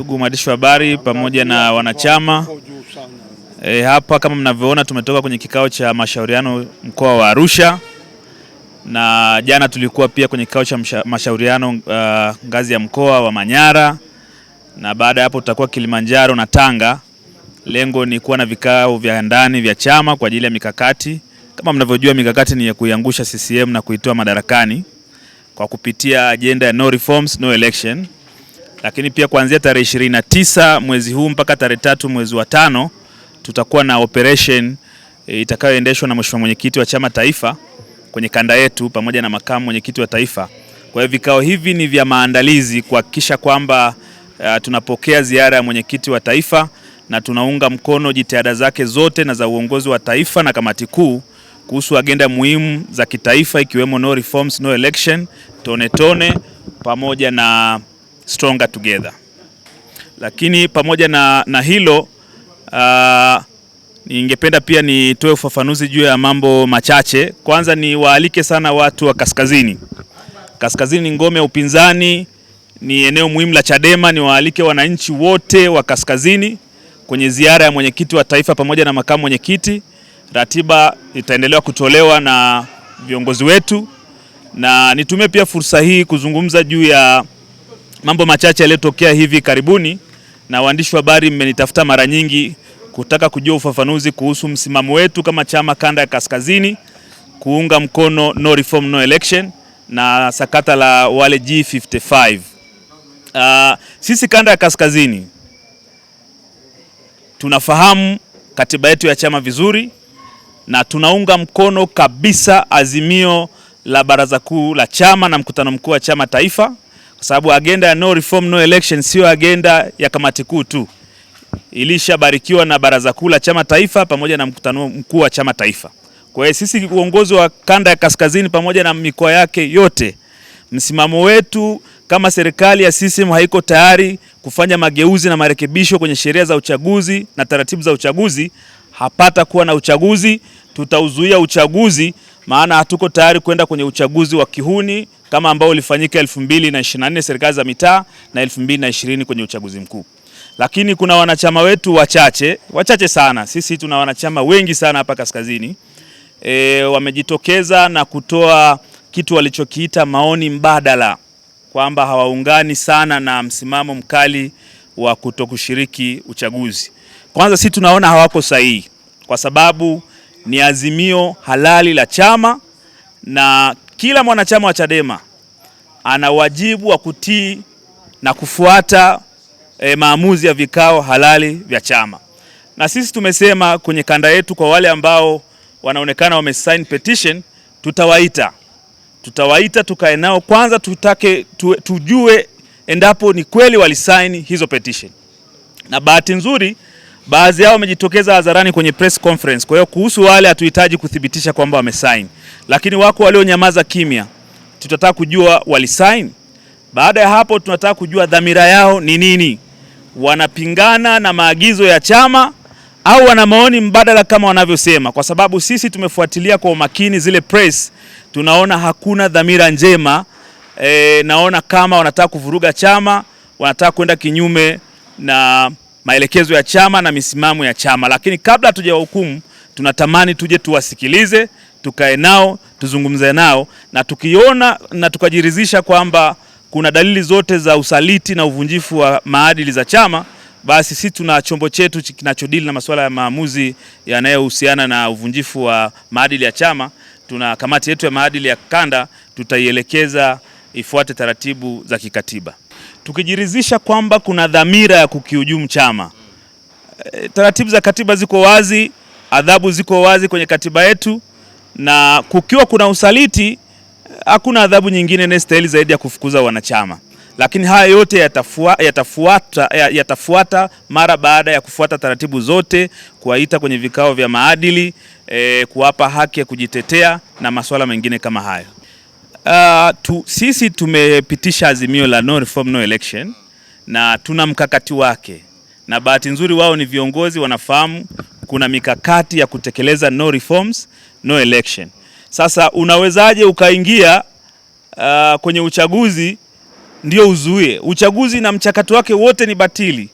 ndugu mwandishi wa habari pamoja na wanachama e, hapa kama mnavyoona tumetoka kwenye kikao cha mashauriano mkoa wa Arusha na jana tulikuwa pia kwenye kikao cha mashauriano uh, ngazi ya mkoa wa Manyara na baada ya hapo tutakuwa Kilimanjaro na Tanga. Lengo ni kuwa na vikao vya ndani vya chama kwa ajili ya mikakati. Kama mnavyojua, mikakati ni ya kuiangusha CCM na kuitoa madarakani kwa kupitia ajenda ya no reforms, no election lakini pia kuanzia tarehe 29 mwezi huu mpaka tarehe tatu mwezi wa tano tutakuwa na operation e, itakayoendeshwa na mheshimiwa mwenyekiti wa chama taifa kwenye kanda yetu pamoja na makamu mwenyekiti wa taifa. Kwa hiyo vikao hivi ni vya maandalizi kuhakikisha kwamba uh, tunapokea ziara ya mwenyekiti wa taifa na tunaunga mkono jitihada zake zote na za uongozi wa taifa na kamati kuu kuhusu agenda muhimu za kitaifa ikiwemo no reforms no election, tone tone pamoja na Stronger Together. Lakini pamoja na, na hilo uh, ningependa pia nitoe ufafanuzi juu ya mambo machache. Kwanza ni waalike sana watu wa kaskazini. Kaskazini ni ngome ya upinzani, ni eneo muhimu la Chadema. Ni waalike wananchi wote wa kaskazini kwenye ziara ya mwenyekiti wa taifa pamoja na makamu mwenyekiti. Ratiba itaendelewa kutolewa na viongozi wetu, na nitumie pia fursa hii kuzungumza juu ya mambo machache yaliyotokea hivi karibuni, na waandishi wa habari mmenitafuta mara nyingi kutaka kujua ufafanuzi kuhusu msimamo wetu kama chama kanda ya kaskazini kuunga mkono no reform, no election na sakata la wale G55. Uh, ah, sisi kanda ya kaskazini tunafahamu katiba yetu ya chama vizuri na tunaunga mkono kabisa azimio la baraza kuu la chama na mkutano mkuu wa chama taifa kwa sababu agenda ya no reform no election sio agenda ya kamati kuu tu, ilishabarikiwa na baraza kuu la chama taifa pamoja na mkutano mkuu wa chama taifa. Kwa hiyo sisi uongozi wa kanda ya kaskazini pamoja na mikoa yake yote, msimamo wetu kama serikali ya CCM haiko tayari kufanya mageuzi na marekebisho kwenye sheria za uchaguzi na taratibu za uchaguzi, hapata kuwa na uchaguzi. Tutauzuia uchaguzi, maana hatuko tayari kwenda kwenye uchaguzi wa kihuni kama ambao ulifanyika 2024 serikali za mitaa na 2020 kwenye uchaguzi mkuu. Lakini kuna wanachama wetu wachache, wachache sana. Sisi tuna wanachama wengi sana hapa kaskazini. E, wamejitokeza na kutoa kitu walichokiita maoni mbadala kwamba hawaungani sana na msimamo mkali wa kutokushiriki uchaguzi. Kwanza si tunaona hawako sahihi, kwa sababu ni azimio halali la chama na kila mwanachama wa Chadema ana wajibu wa kutii na kufuata e, maamuzi ya vikao halali vya chama, na sisi tumesema kwenye kanda yetu, kwa wale ambao wanaonekana wamesign petition, tutawaita tutawaita tukae nao kwanza, tutake tu, tujue endapo ni kweli walisaini hizo petition, na bahati nzuri Baadhi yao wamejitokeza hadharani kwenye press conference. Kwa hiyo kuhusu wale hatuhitaji kuthibitisha kwamba wamesign, lakini wako walionyamaza kimya, tutataka kujua walisign. Baada ya hapo, tunataka kujua dhamira yao ni nini, wanapingana na maagizo ya chama au wana maoni mbadala kama wanavyosema? Kwa sababu sisi tumefuatilia kwa umakini zile press, tunaona hakuna dhamira njema e, naona kama wanataka kuvuruga chama, wanataka kwenda kinyume na maelekezo ya chama na misimamo ya chama, lakini kabla hatujawahukumu, tunatamani tuje tuwasikilize, tukae nao, tuzungumze nao na tukiona na tukajiridhisha kwamba kuna dalili zote za usaliti na uvunjifu wa maadili za chama, basi sisi tuna chombo chetu kinachodili na masuala ya maamuzi yanayohusiana na uvunjifu wa maadili ya chama. Tuna kamati yetu ya maadili ya kanda, tutaielekeza ifuate taratibu za kikatiba tukijiridhisha kwamba kuna dhamira ya kukihujumu chama. E, taratibu za katiba ziko wazi, adhabu ziko wazi kwenye katiba yetu, na kukiwa kuna usaliti, hakuna adhabu nyingine inayostahili zaidi ya kufukuza wanachama. Lakini haya yote yatafuata, yatafuata, yatafuata mara baada ya kufuata taratibu zote, kuwaita kwenye vikao vya maadili, e, kuwapa haki ya kujitetea na masuala mengine kama hayo. Uh, tu, sisi tumepitisha azimio la no reform, no election na tuna mkakati wake, na bahati nzuri wao ni viongozi wanafahamu kuna mikakati ya kutekeleza no reforms, no election. Sasa unawezaje ukaingia uh, kwenye uchaguzi ndio uzuie uchaguzi na mchakato wake wote ni batili,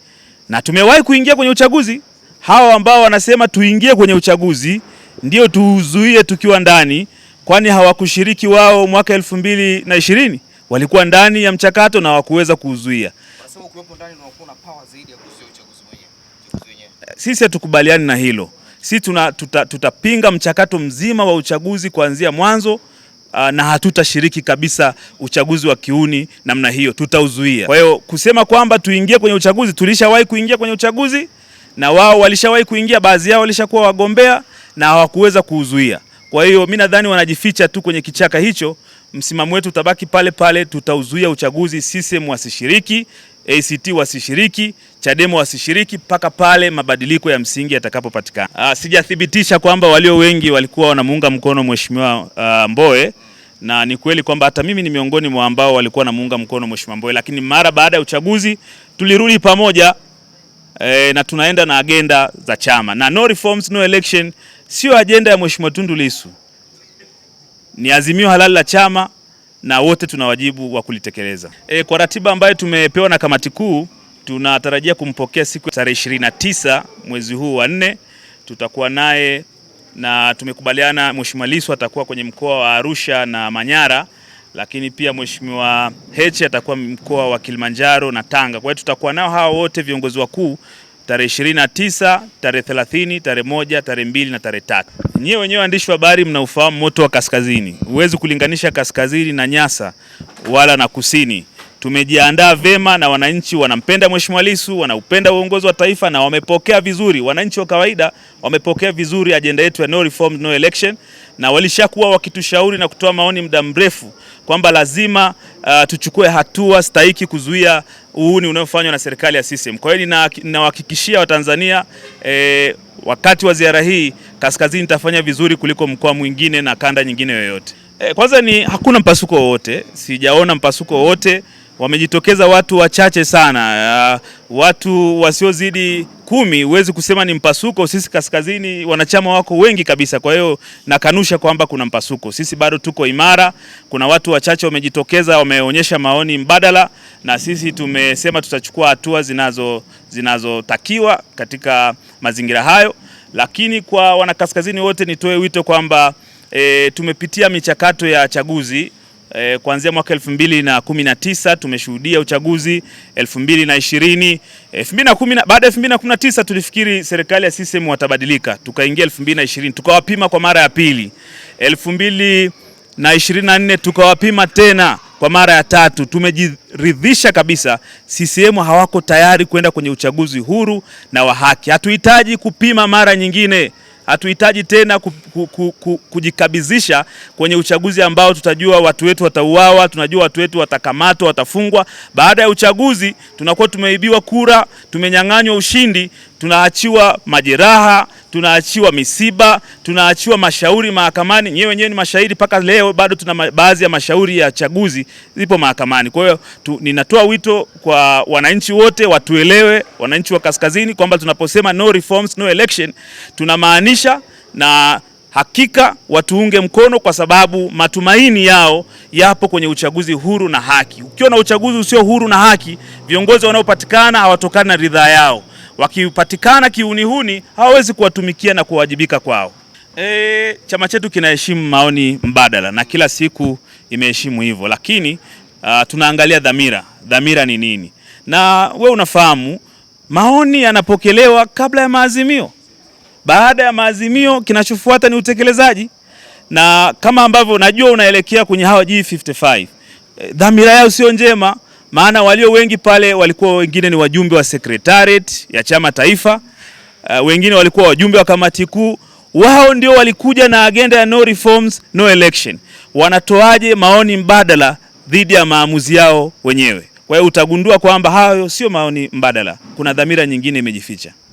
na tumewahi kuingia kwenye uchaguzi. Hawa ambao wanasema tuingie kwenye uchaguzi ndio tuuzuie tukiwa ndani kwani hawakushiriki wao mwaka elfu mbili na ishirini walikuwa ndani ya mchakato na hawakuweza kuuzuia. Sisi hatukubaliani na hilo. Sisi tuna, tuta, tutapinga mchakato mzima wa uchaguzi kuanzia mwanzo ah, na hatutashiriki kabisa uchaguzi wa kiuni namna hiyo, tutauzuia. Kwa hiyo kusema kwamba tuingie kwenye uchaguzi, tulishawahi kuingia kwenye uchaguzi na wao walishawahi kuingia, baadhi yao walishakuwa wagombea na hawakuweza kuuzuia. Kwa hiyo mi nadhani wanajificha tu kwenye kichaka hicho. Msimamo wetu utabaki pale pale, tutauzuia uchaguzi. CCM wasishiriki, ACT wasishiriki, Chadema wasishiriki mpaka pale mabadiliko ya msingi yatakapopatikana. Ah, sijathibitisha kwamba walio wengi walikuwa wanamuunga mkono mheshimiwa ah, mboe na ni kweli kwamba hata mimi ni miongoni mwa ambao walikuwa wanamuunga mkono mheshimiwa mboe lakini mara baada ya uchaguzi tulirudi pamoja e, na tunaenda na agenda za chama na no reforms, no election sio ajenda ya Mheshimiwa Tundu Lissu, ni azimio halali la chama na wote tuna wajibu wa kulitekeleza. E, kwa ratiba ambayo tumepewa na kamati kuu tunatarajia kumpokea siku ya tarehe 29 mwezi huu wa nne, tutakuwa naye na tumekubaliana Mheshimiwa Lissu atakuwa kwenye mkoa wa Arusha na Manyara, lakini pia Mheshimiwa Heche atakuwa mkoa wa Kilimanjaro na Tanga. Kwa hiyo tutakuwa nao hawa wote viongozi wakuu tarehe 29, tarehe 30, tarehe moja, tarehe mbili na tarehe tatu. Nyiwe wenyewe waandishi wa habari mnaufahamu moto wa kaskazini. Huwezi kulinganisha kaskazini na Nyasa wala na kusini tumejiandaa vema na wananchi wanampenda Mheshimiwa Lissu, wanaupenda uongozi wa taifa na wamepokea vizuri. Wananchi wa kawaida wamepokea vizuri ajenda yetu ya no reform, no election, na walishakuwa wakitushauri na kutoa maoni muda mrefu kwamba lazima uh, tuchukue hatua stahiki kuzuia uhuni unaofanywa na serikali ya CCM. Kwa hiyo ninawahakikishia Watanzania eh, wakati wa ziara hii kaskazini itafanya vizuri kuliko mkoa mwingine na kanda nyingine yoyote. Eh, kwanza ni hakuna mpasuko wowote, sijaona mpasuko wowote wamejitokeza watu wachache sana, uh, watu wasiozidi kumi. Huwezi kusema ni mpasuko. Sisi kaskazini wanachama wako wengi kabisa, kwa hiyo nakanusha kwamba kuna mpasuko. Sisi bado tuko imara. Kuna watu wachache wamejitokeza, wameonyesha maoni mbadala, na sisi tumesema tutachukua hatua zinazo zinazotakiwa katika mazingira hayo. Lakini kwa wanakaskazini wote nitoe wito kwamba e, tumepitia michakato ya chaguzi E, kuanzia mwaka 2019 tumeshuhudia uchaguzi 2020, 2010, baada ya 2019 tulifikiri serikali ya CCM watabadilika, tukaingia 2020 tukawapima kwa mara ya pili, 2024 tukawapima tena kwa mara ya tatu. Tumejiridhisha kabisa CCM hawako tayari kwenda kwenye uchaguzi huru na wa haki. Hatuhitaji kupima mara nyingine. Hatuhitaji tena ku, ku, ku, ku, kujikabizisha kwenye uchaguzi ambao tutajua watu wetu watauawa, tunajua watu wetu watakamatwa, watafungwa. Baada ya uchaguzi tunakuwa tumeibiwa kura, tumenyang'anywa ushindi, tunaachiwa majeraha, tunaachiwa misiba, tunaachiwa mashauri mahakamani. Nyewe wenyewe ni mashahidi, mpaka leo bado tuna baadhi ya mashauri ya chaguzi zipo mahakamani. Kwa hiyo ninatoa wito kwa wananchi wote watuelewe, wananchi wa kaskazini kwamba tunaposema no reforms, no election tunamaanisha na hakika watuunge mkono kwa sababu matumaini yao yapo kwenye uchaguzi huru na haki. Ukiwa na uchaguzi usio huru na haki, viongozi wanaopatikana hawatokani na ridhaa yao wakipatikana kiunihuni hawawezi kuwatumikia na kuwajibika kwao. E, chama chetu kinaheshimu maoni mbadala na kila siku imeheshimu hivyo, lakini uh, tunaangalia dhamira. Dhamira ni nini? Na we unafahamu maoni yanapokelewa kabla ya maazimio. Baada ya maazimio, kinachofuata ni utekelezaji, na kama ambavyo najua unaelekea kwenye hawa G55 e, dhamira yao sio njema maana walio wengi pale walikuwa wengine ni wajumbe wa secretariat ya chama taifa, uh, wengine walikuwa wajumbe wa kamati kuu. Wao ndio walikuja na agenda ya no reforms no election. Wanatoaje maoni mbadala dhidi ya maamuzi yao wenyewe? Kwa hiyo utagundua kwamba hayo sio maoni mbadala, kuna dhamira nyingine imejificha.